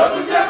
Vamos,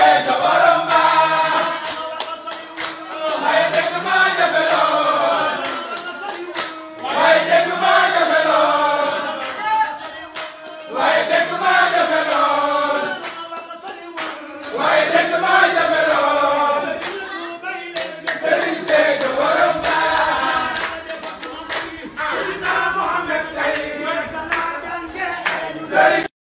waaye dégg maa jafe lool waaye dégg maa jafe